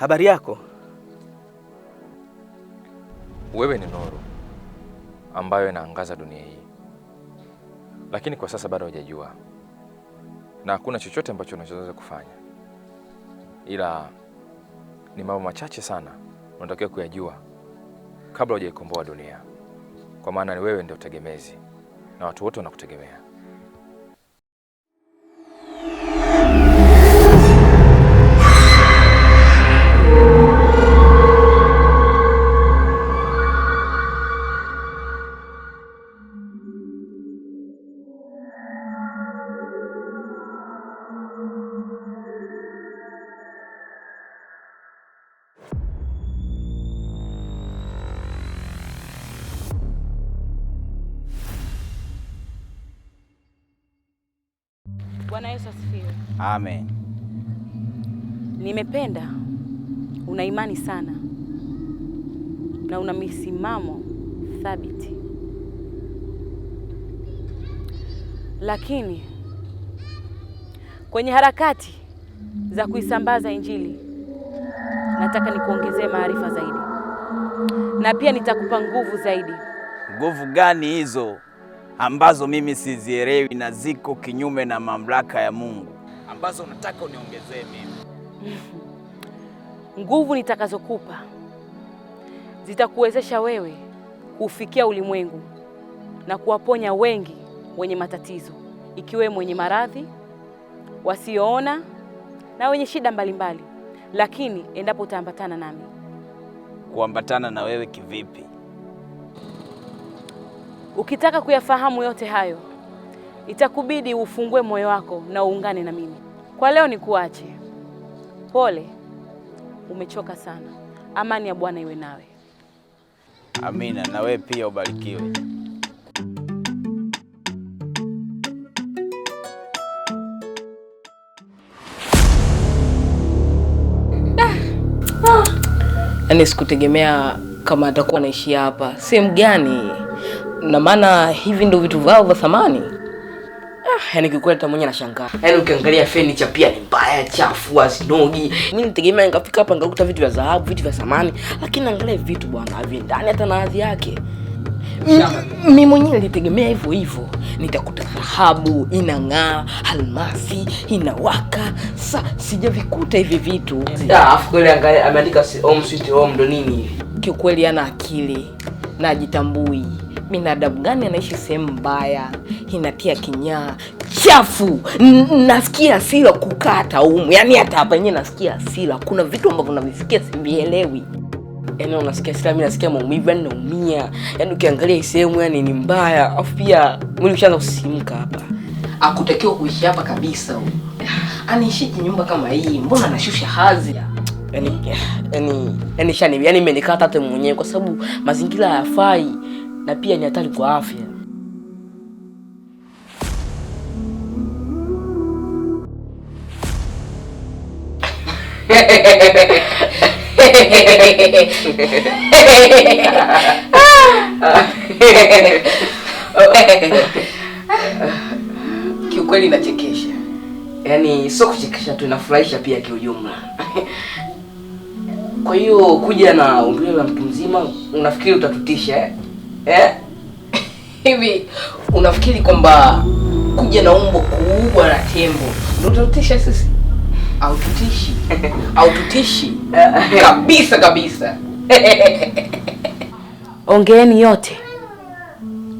habari yako? Wewe ni nuru ambayo inaangaza dunia hii, lakini kwa sasa bado hujajua, na hakuna chochote ambacho unachoweza kufanya, ila ni mambo machache sana unatakiwa kuyajua kabla hujaikomboa dunia, kwa maana ni wewe ndio tegemezi na watu wote wanakutegemea. Bwana Yesu asifiwe. Amen. Nimependa una imani sana na una misimamo thabiti, lakini kwenye harakati za kuisambaza Injili nataka nikuongezee maarifa zaidi na pia nitakupa nguvu zaidi. Nguvu gani hizo? ambazo mimi sizielewi na ziko kinyume na mamlaka ya Mungu ambazo unataka uniongezee mimi. Nguvu nitakazokupa zitakuwezesha wewe kufikia ulimwengu na kuwaponya wengi wenye matatizo, ikiwemo wenye maradhi, wasioona na wenye shida mbalimbali mbali. Lakini endapo utaambatana nami. Kuambatana na wewe kivipi? Ukitaka kuyafahamu yote hayo, itakubidi ufungue moyo wako na uungane na mimi. Kwa leo ni kuache Pole, umechoka sana. Amani ya Bwana iwe nawe. Amina, na wewe pia ubarikiwe. Ah. Ah. Yaani sikutegemea kama atakuwa anaishi hapa. Sehemu gani? na maana hivi ndio vitu vao vya thamani. Ah, yani kikweli hata mwenye anashangaa. Yaani ukiangalia furniture pia ni mbaya, chafu, hazinogi. Mimi nitegemea nikafika hapa nikakuta vitu vya dhahabu, vitu vya thamani, lakini angalia vitu bwana, havi ndani hata na hadhi yake. Mimi mwenyewe nilitegemea hivyo hivyo nitakuta dhahabu inang'aa, almasi inawaka. Sa sijavikuta hivi vitu. afu kweli angalia ameandika home sweet home ndo nini? hivi? Kikweli ana akili na binadamu gani anaishi sehemu mbaya, inatia kinyaa chafu. Nasikia hasira kukata umu, yaani hata hapa yenyewe nasikia hasira. Kuna vitu ambavyo navisikia sivielewi, yaani unasikia sila mimi nasikia maumivu, yaani naumia, yaani ukiangalia hii sehemu yaani ni mbaya, afu pia mwili ushaanza kusisimka hapa. Akutakiwa kuishi hapa kabisa, anaishiki yaani nyumba kama hii, mbona anashusha hadhi? Yaani yaani yaani shani, yaani imenikata hata mwenyewe kwa sababu mazingira hayafai na pia ni hatari kwa afya. Kiukweli inachekesha, yaani sio kuchekesha tu, inafurahisha pia kiujumla. Kwa hiyo kuja na umbile la mtu mzima, unafikiri utatutisha eh? eh? Hivi unafikiri kwamba kuja na umbo kubwa la tembo ndio tutautisha sisi? Au tutishi? Au tutishi kabisa kabisa. Ongeeni yote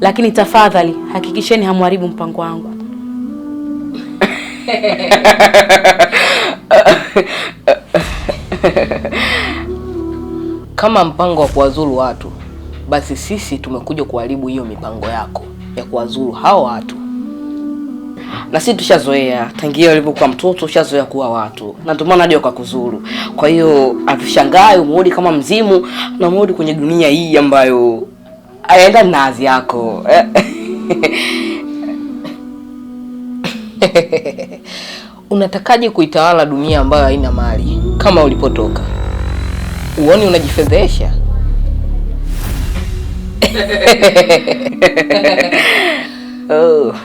lakini tafadhali hakikisheni hamharibu mpango wangu. Kama mpango wa kuwazuru watu basi sisi tumekuja kuharibu hiyo mipango yako ya kuwazuru hao watu. Na sisi tushazoea tangia ulipokuwa mtoto, ushazoea kuwa watu, na ndio maana hadi wakakuzuru. Kwa hiyo atushangae umuodi kama mzimu na umuodi kwenye dunia hii ambayo aenda na azi yako Unatakaje kuitawala dunia ambayo haina mali kama ulipotoka? Uone unajifedhesha. oh.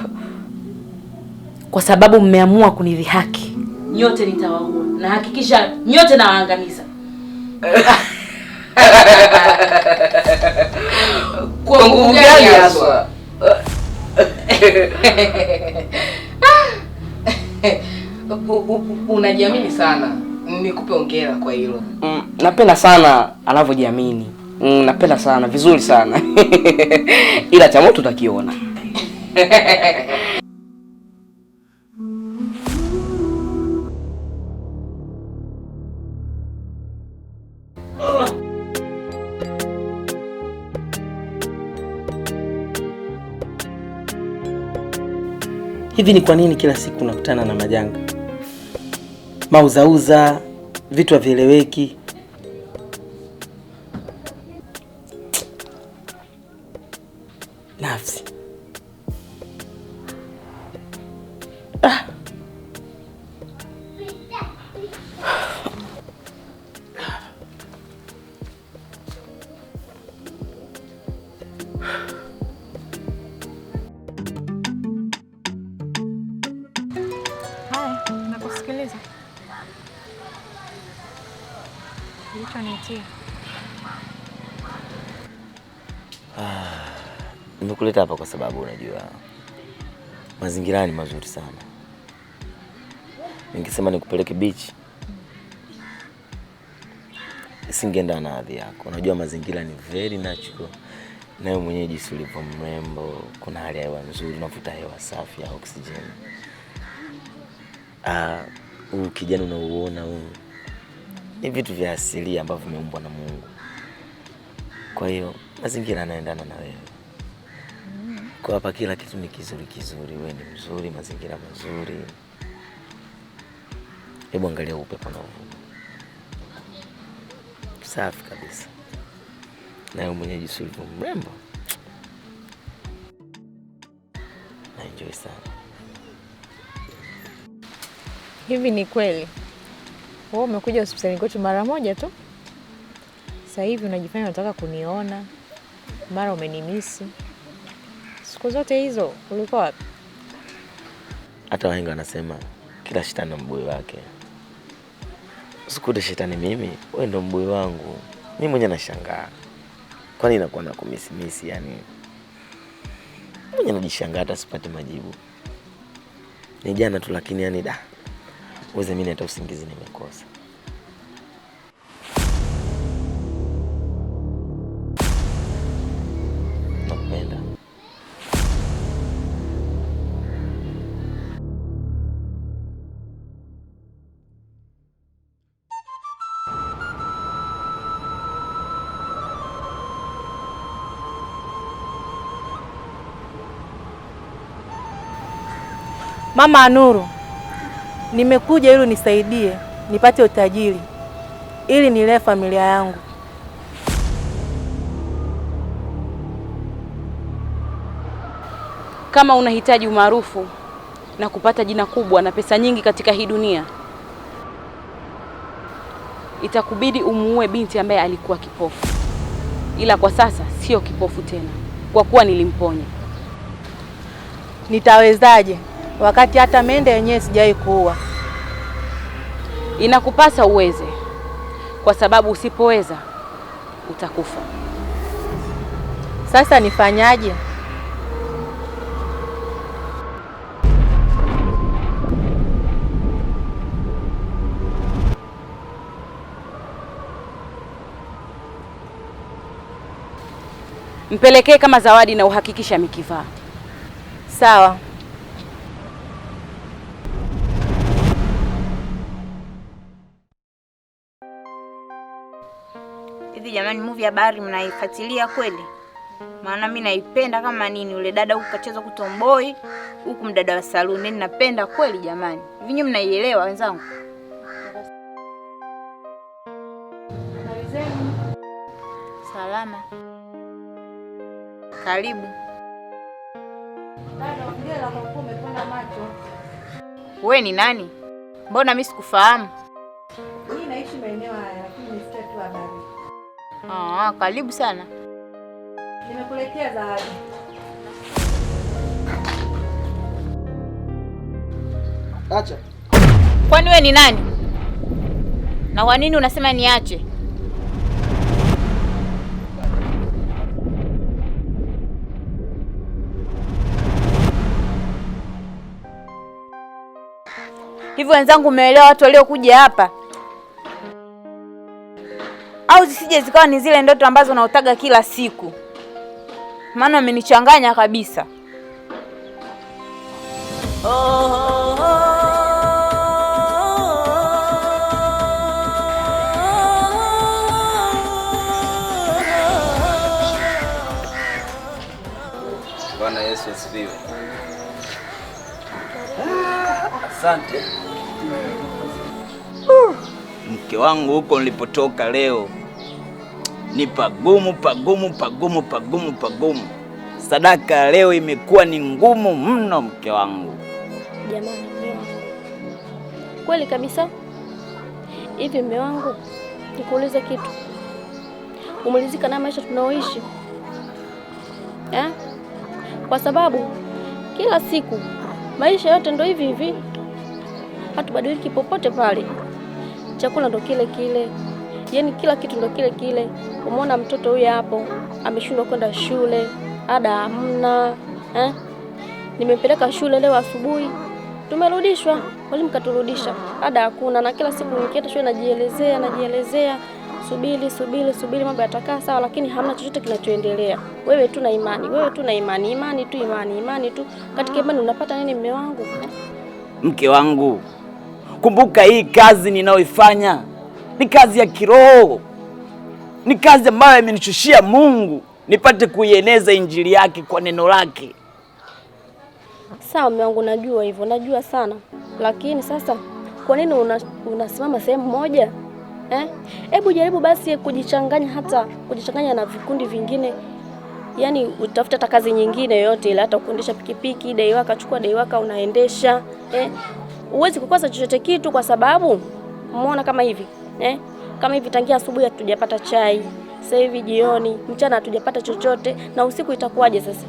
Kwa sababu mmeamua kunidhihaki nyote, nitawaua na hakikisha nyote nawaangamiza. Kwa nguvu gani haswa? Unajiamini sana, nikupe ongera kwa hilo. Mm, napenda sana anavyojiamini Mm, napenda sana vizuri sana ila cha moto utakiona. Hivi ni kwa nini kila siku unakutana na majanga, mauzauza, vitu havieleweki? Ah, nimekuleta hapa kwa sababu unajua mazingira ni mazuri sana. Ningesema nikupeleke beach, singeenda na hadhi yako. Unajua mazingira ni very natural, nawe mwenyewe jinsi ulivyo mrembo, kuna hali ya hewa nzuri, unavuta hewa safi ya oksijeni. Ah, huu kijana unauona huu ni vitu vya asilia ambavyo vimeumbwa na Mungu, kwa hiyo mazingira yanaendana na wewe kwa hapa, kila kitu ni kizuri kizuri, wewe ni mzuri, mazingira mazuri. Hebu angalia upepo unaovuma, safi kabisa, nawe mwenye jinsi ulivyo mrembo, na enjoy sana. Hivi ni kweli wewe umekuja hospitalini kwetu mara moja tu, sasa hivi unajifanya unataka kuniona? mara umenimisi. Siku zote hizo ulikuwa wapi? Hata wahenga wanasema kila shetani na mbui wake. Sikute shetani mimi, wewe ndo mbui wangu. Mimi mwenye nashangaa, kwani nakuwa na kumisimisi? Yani mwenye najishangaa, hata sipati majibu. Ni jana tu, lakini yani da weze, mimi naita usingizi nimekosa. Mama Anuru, nimekuja ili nisaidie nipate utajiri ili nilee familia yangu. Kama unahitaji umaarufu na kupata jina kubwa na pesa nyingi katika hii dunia, itakubidi umuue binti ambaye alikuwa kipofu, ila kwa sasa sio kipofu tena, kwa kuwa nilimponya. Nitawezaje? wakati hata mende yenyewe sijai kuua. Inakupasa uweze, kwa sababu usipoweza utakufa. Sasa nifanyaje? Mpelekee kama zawadi na uhakikisha amekivaa. Sawa. hivi jamani, movie habari mnaifuatilia kweli? Maana mi naipenda kama nini. Ule dada huku kacheza kutomboi huku, mdada wa saluni ninapenda yaani kweli jamani, hivi nyinyi mnaielewa wenzangu? Salama, karibu we. Ni nani? Mbona mi sikufahamu? Mimi naishi maeneo Ah, karibu sana. Nimekuletea zawadi. Acha. Kwani wewe ni nani? Na kwa nini unasema niache? Hivyo wenzangu, umeelewa watu waliokuja hapa au zisije zikawa ni zile ndoto ambazo naotaga kila siku, maana amenichanganya kabisa. oh, oh, oh. Asante mke wangu huko nilipotoka leo ni pagumu pagumu pagumu pagumu pagumu. Sadaka leo imekuwa ni ngumu mno, mke wangu. Jamani mke wangu, kweli kabisa. Hivi mke wangu, nikuulize kitu, umelizika na maisha tunaoishi eh? Kwa sababu kila siku maisha yote ndo hivi hivi, hatubadiliki popote pale chakula ndo kile kile, yaani kila kitu ndo kile kile. Umeona mtoto huyu hapo ameshindwa kwenda shule, ada hamna eh? Nimepeleka shule leo asubuhi, tumerudishwa, mwalimu katurudisha, ada hakuna. Na kila siku nikienda shule najielezea, najielezea subiri subiri subiri, mambo yatakaa sawa, lakini hamna chochote kinachoendelea. Wewe tu na imani, wewe tu na imani, imani tu, imani, imani tu. Katika imani unapata nini? Mme wangu, eh? mke wangu Kumbuka hii kazi ninayoifanya ni kazi ya kiroho, ni kazi ambayo imenishushia Mungu nipate kuieneza injili yake kwa neno lake. Sawa mume wangu, najua hivyo, najua sana, lakini sasa kwa nini unasimama una sehemu moja eh? jaribu basi kujichanganya, hata kujichanganya na vikundi vingine, yaani utafute hata kazi nyingine yoyote ile, hata kuendesha pikipiki, daiwaka, chukua daiwaka unaendesha eh? huwezi kukosa chochote kitu, kwa sababu umeona kama hivi eh? kama hivi tangia asubuhi hatujapata chai, sasa hivi jioni, mchana hatujapata chochote, na usiku itakuwaje? Sasa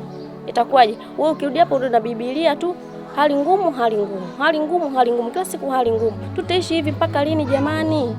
itakuwaje wewe ukirudi hapo na Biblia tu Hali ngumu, hali ngumu, hali ngumu, hali ngumu, kila siku hali ngumu. Tutaishi hivi mpaka lini jamani?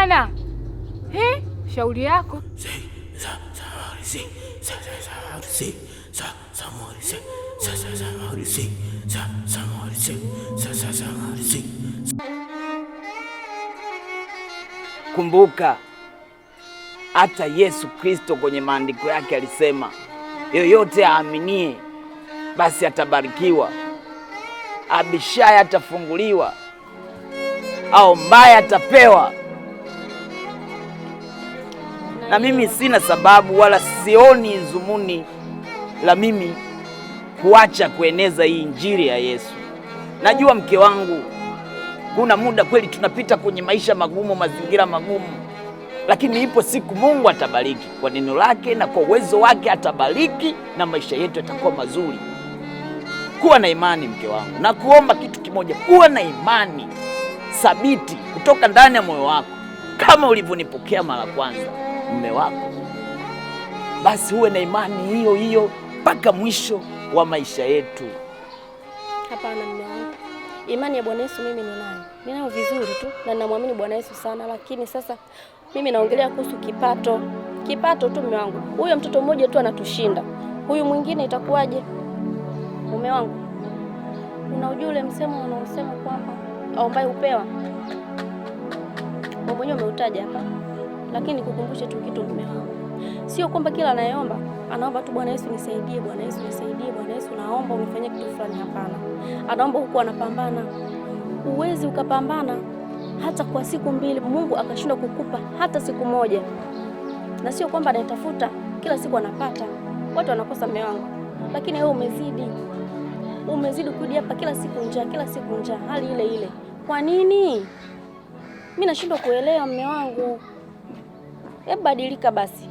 bwana. He? Shauri yako. Kumbuka hata Yesu Kristo kwenye maandiko yake alisema yoyote aaminie basi atabarikiwa. abishaya atafunguliwa, au mbaya atapewa na mimi sina sababu wala sioni zumuni la mimi kuacha kueneza hii injili ya Yesu. Najua mke wangu, kuna muda kweli tunapita kwenye maisha magumu, mazingira magumu, lakini ipo siku Mungu atabariki kwa neno lake na kwa uwezo wake atabariki, na maisha yetu yatakuwa mazuri. Kuwa na imani mke wangu, na kuomba kitu kimoja, kuwa na imani thabiti kutoka ndani ya moyo wako, kama ulivyonipokea mara kwanza mume wako, basi uwe na imani hiyo hiyo mpaka mwisho wa maisha yetu. Hapana mume wangu, imani ya Bwana Yesu mimi ninayo, ninayo vizuri tu na ninamwamini Bwana Yesu sana, lakini sasa mimi naongelea kuhusu kipato, kipato tu mume wangu. Huyo mtoto mmoja tu anatushinda, huyu mwingine itakuwaje? Mume wangu, unaujua ule msemo unaosema kwamba aombaye upewa, mwenyewe umeutaja hapa lakini nikukumbushe tu kitu mume wangu, sio kwamba kila anayeomba anaomba tu Bwana Yesu nisaidie, Bwana Yesu nisaidie, Bwana Yesu naomba unifanyie kitu fulani. Hapana, anaomba huku anapambana. Uwezi ukapambana hata kwa siku mbili Mungu akashindwa kukupa hata siku moja, na sio kwamba anaitafuta kila siku anapata. Watu wanakosa mume wangu, lakini wewe umezidi, umezidi kurudi hapa kila siku njaa, kila siku njaa, hali ile ile. Kwa nini? Mimi nashindwa kuelewa mume wangu. Hebu badilika basi.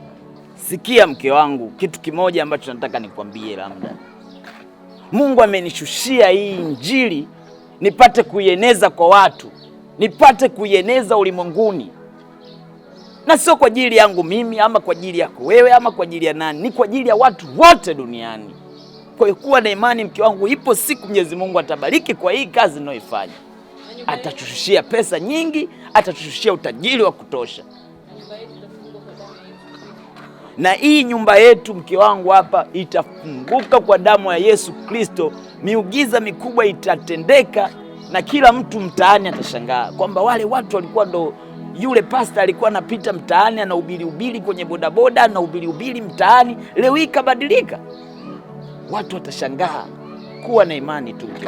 Sikia mke wangu, kitu kimoja ambacho nataka nikwambie, labda Mungu amenishushia hii Injili nipate kuieneza kwa watu, nipate kuieneza ulimwenguni, na sio kwa ajili yangu mimi ama kwa ajili yako wewe ama kwa ajili ya nani, ni kwa ajili ya watu wote duniani. Kwa hiyo kuwa na imani mke wangu, ipo siku Mwenyezi Mungu atabariki kwa hii kazi ninayoifanya, atatushushia pesa nyingi, atatushushia utajiri wa kutosha na hii nyumba yetu, mke wangu hapa, itafunguka kwa damu ya Yesu Kristo. Miujiza mikubwa itatendeka na kila mtu mtaani atashangaa kwamba wale watu walikuwa ndo yule pasta alikuwa anapita mtaani ubili ubili kwenye bodaboda ubili ubili mtaani, leo hii kabadilika. Watu watashangaa. Kuwa na imani tu, mke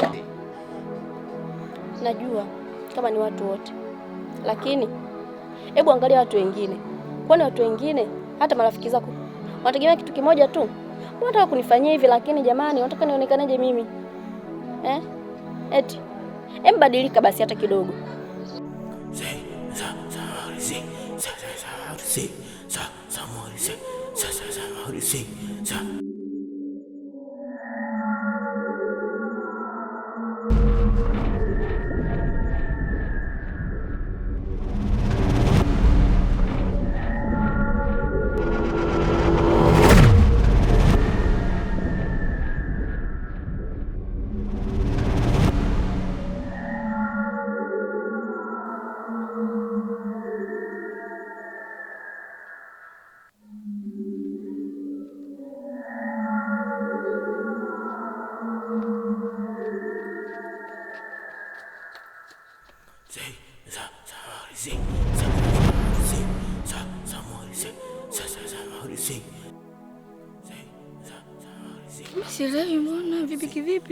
Najua kama ni watu wote, lakini hebu angalia watu wengine, kwani watu wengine hata marafiki zako wanategemea kitu kimoja tu. Unataka kunifanyia hivi, lakini jamani, unataka nionekanije mimi eh? Eti, embadilika basi hata kidogo.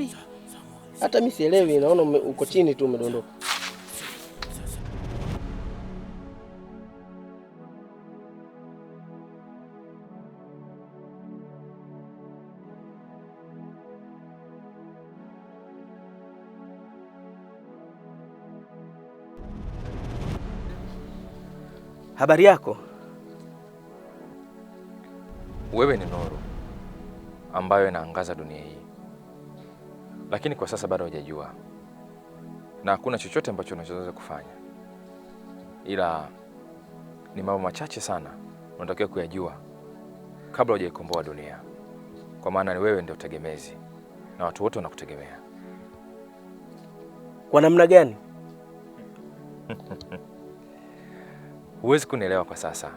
wapi? Hata mimi sielewi, naona uko chini tu umedondoka. Habari yako. Wewe ni nuru ambayo inaangaza dunia hii lakini kwa sasa bado hujajua na hakuna chochote ambacho unachoweza kufanya, ila ni mambo machache sana unatakiwa kuyajua kabla hujaikomboa dunia, kwa maana ni wewe ndio tegemezi na watu wote wanakutegemea. Kwa namna gani? Huwezi kunielewa kwa sasa,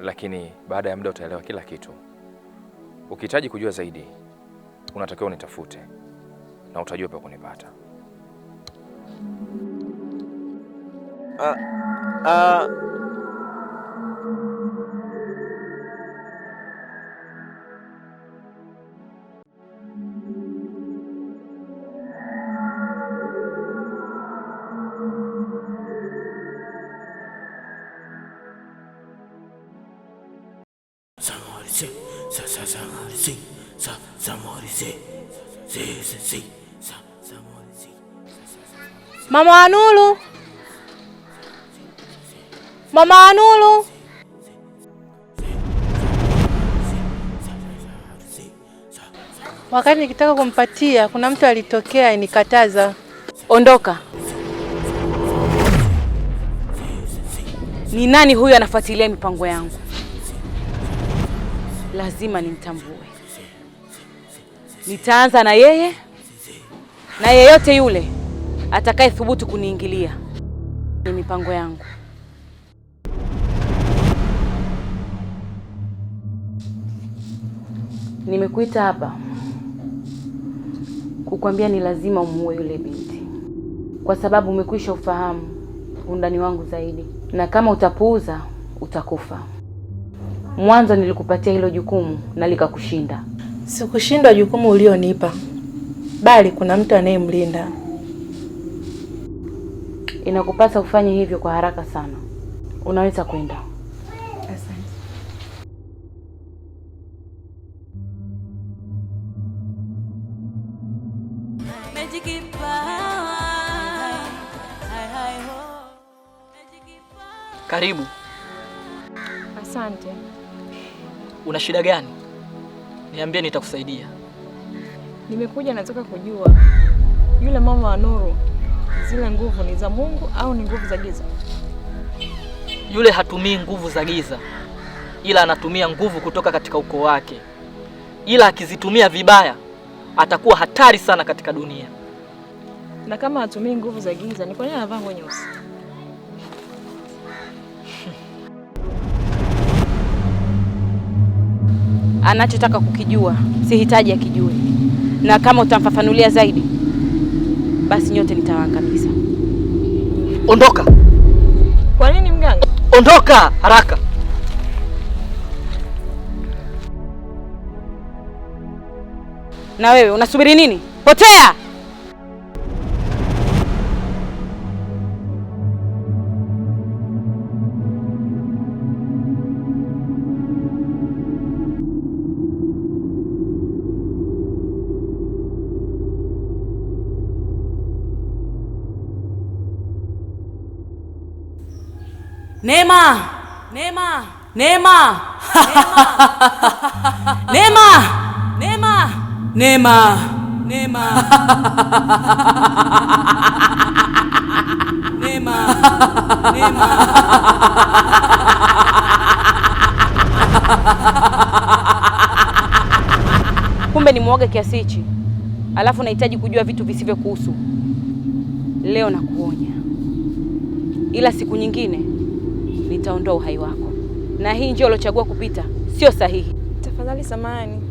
lakini baada ya muda utaelewa kila kitu. Ukihitaji kujua zaidi, unatakiwa unitafute na utajua pa kunipata. Uh, uh... Mama wa Nuru, mama wa Nuru. Wakati nikitaka kumpatia, kuna mtu alitokea inikataza, ondoka. Ni nani huyu anafuatilia mipango yangu? Lazima nimtambue. Nitaanza na yeye na yeyote yule atakaye thubutu kuniingilia ni mipango yangu. Nimekuita hapa kukwambia ni lazima umuue yule binti, kwa sababu umekwisha ufahamu undani wangu zaidi, na kama utapuuza utakufa. Mwanzo nilikupatia hilo jukumu na likakushinda. Sikushindwa jukumu ulionipa, bali kuna mtu anayemlinda inakupasa ufanye hivyo kwa haraka sana. Unaweza kwenda. Karibu. Asante. Una shida gani? Niambie, nitakusaidia. Nimekuja nataka kujua yule mama wa Nuru zile nguvu ni za Mungu au ni nguvu za giza? Yule hatumii nguvu za giza, ila anatumia nguvu kutoka katika ukoo wake, ila akizitumia vibaya atakuwa hatari sana katika dunia. Na kama hatumii nguvu za giza, ni kwa nini anavaa nguo nyeusi? Anachotaka kukijua sihitaji akijue, na kama utamfafanulia zaidi basi nyote nitawaangamiza. Ondoka! Kwa nini mganga? Ondoka haraka! Na wewe unasubiri nini? Potea! Neema, neema, neema, neema, neema, neema, neema, kumbe ni mwoga kiasi hichi, alafu nahitaji kujua vitu visivyokuhusu. Leo nakuonya, ila siku nyingine nitaondoa uhai wako, na hii njia uliochagua kupita sio sahihi. Tafadhali samani,